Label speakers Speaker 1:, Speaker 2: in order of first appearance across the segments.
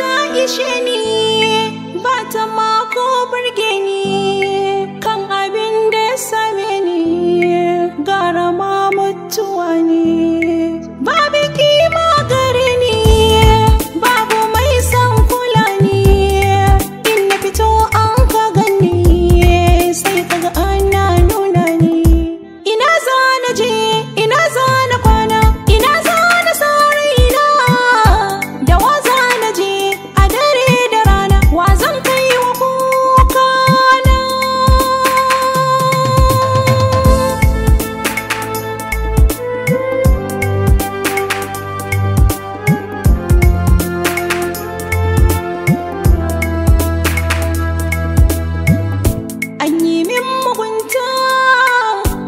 Speaker 1: ta ishe ni ba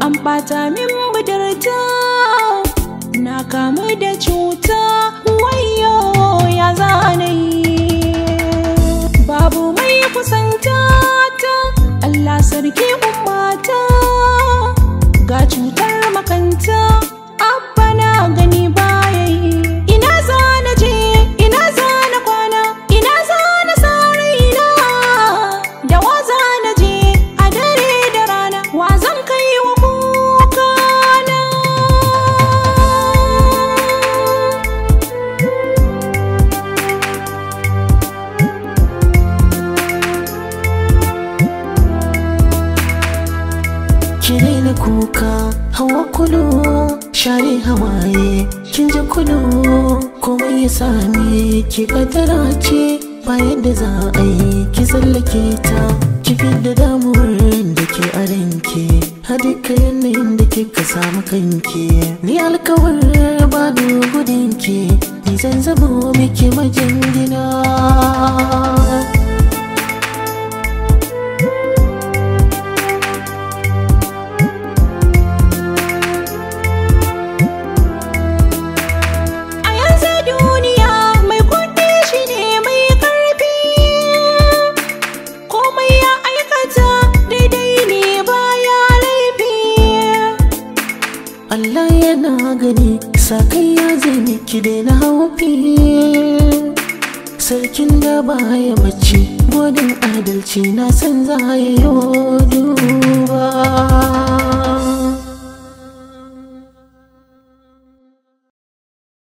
Speaker 1: an ɓata min budurta na kamu da cuta wayo ya zanayi babu mai kusanta ta Allah sarki ummata ga cutar makanta
Speaker 2: shiri na kuka hawa kulu share hawaye kin ji kulu komai ya sami ki kadara ce bayan da za a yi ki tsallake ta ki da damuwar da ke a ranki hadi ka yanayin da ka samu kanki ni alkawar ba da gudunki ni zan miki majin gina sa kai ya zai miki dai na haufi sarkin da ya bacci godin adalci na san za ya yi duba